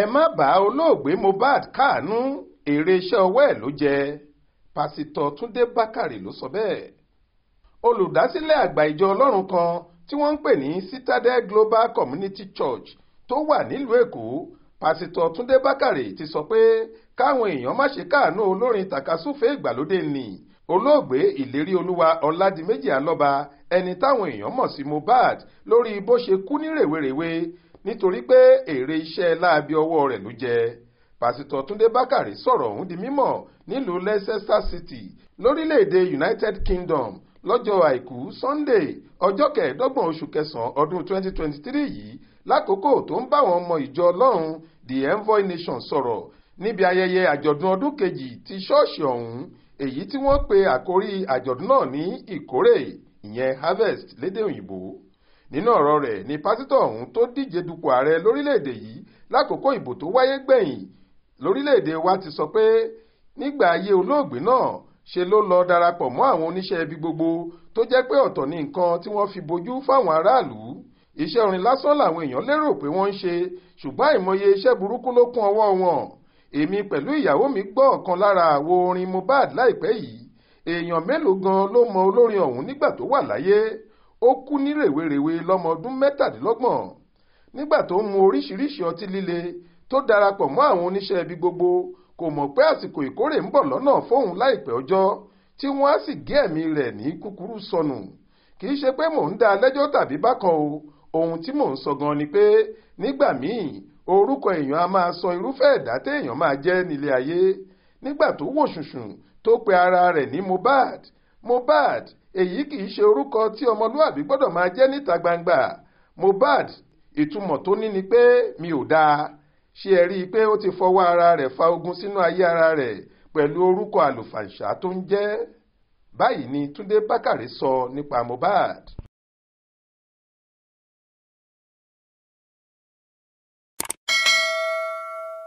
ẹ má bá olóògbé Mohbad káàánú èrè iṣẹ́ ọwọ́ ẹ̀ ló jẹ pásítọ̀ Túndé Bákàrè ló sọ bẹ́ẹ̀ olùdásílẹ̀ àgbà ìjọ Ọlọ́run kan tí wọ́n ń pè ní Citadel Global Community Church tó wà nílùú Èkó pásítọ̀ Túndé Bákàrè ti sọ pé káwọn èèyàn má ṣe káàánú olórin tàkasúfèé ìgbàlódé ni olóògbé ìlérí olúwa ọ̀làdìmẹ́jì alọ́ba ẹni táwọn èèyàn mọ̀ sí Mohbad lórí bó ṣe kú ní rèwerèwe nítorí pé èrè iṣẹ́ láabi ọwọ́ rẹ̀ ló jẹ pásítọ̀ túndé bákàrè sọ̀rọ̀ ọ̀hún di mímọ̀ nílùú leicester city lórílẹ̀‐èdè united kingdom lọ́jọ́ àìkú sunday ọjọ́ kẹẹ̀ẹ́dọ́gbọ̀n oṣù kẹsàn-án ọdún 2023 yìí lákòókò tó ń bá àwọn ọmọ ìjọ ọlọ́run the envoy nation sọ̀rọ̀ níbi ayẹyẹ àjọ̀dún ọdún kejì ti ṣọ́ọ̀ṣì ọ̀hún èyí tí wọ́n pe àkórí àjọ̀dún náà ní ìkórè ìyẹn harvest lédè òyìnbó nínú ọ̀rọ̀ rẹ̀ ni pásítọ̀ ọ̀hún tó díje dupò ààrẹ lórílẹ̀‐èdè yìí lákòókò ìbò tó wáyé gbẹ̀yìn lórílẹ̀‐èdè wa ti sọ pé nígbà ayé olóògbé náà ṣe ló lọ darapọ̀ mọ́ àwọn oníṣẹ́ ibi gbogbo tó jẹ́ pé ọ̀tọ̀ ní nǹkan tí wọ́n fi bojú fáwọn aráàlú iṣẹ́ orin lásán làwọn èèyàn lérò pé wọ́n ń ṣe ṣùgbọ́n àìmọye iṣẹ́ burúkú ló kún ọwọ́ wọn èmi pẹ̀lú ìyàwó mi gbọ́ ọ̀kan lára àwo orin Mohbad láìpẹ́ yìí èèyàn mélòó gan ló mọ olórin ọ̀hún nígbà tó wà láyé ó kú ní rèwerèwe lọ́mọ ọdún mẹ́tàdínlọ́gbọ̀n nígbà tó ń mu oríṣiríṣi ọtí líle tó darapọ̀ mọ́ àwọn oníṣẹ́ ibi gbogbo kò mọ̀ pé àsìkò ìkórè ń bọ̀ lọ́nà fóun láìpẹ́ ọjọ́ tí wọ́n á sì gé ẹ̀mí rẹ̀ ní kúkúrú sọnù kì í ṣe pé mò ń dá lẹ́jọ́ tàbí bákan o ohun tí mò ń sọ gan ni pé nígbà míì orúkọ èèyàn a máa sọ irúfẹ́ ẹ̀dá téèyàn máa jẹ́ nílé ayé nígbà tó wò tó pe ara rẹ̀ ní Mohbad Mohbad èyí kì í ṣe orúkọ tí ọmọlúàbí gbọ́dọ̀ máa jẹ́ níta gbangba Mohbad ìtumọ̀ tó ní ni pé mi ò dáa ṣé ẹ rí i pé ó ti fọwọ́ ara rẹ̀ fa ogun sínú ayé ara rẹ̀ pẹ̀lú orúkọ àlùfàǹṣá tó ń jẹ́ báyìí ni Túndé Bákàrè sọ nípa Mohbad.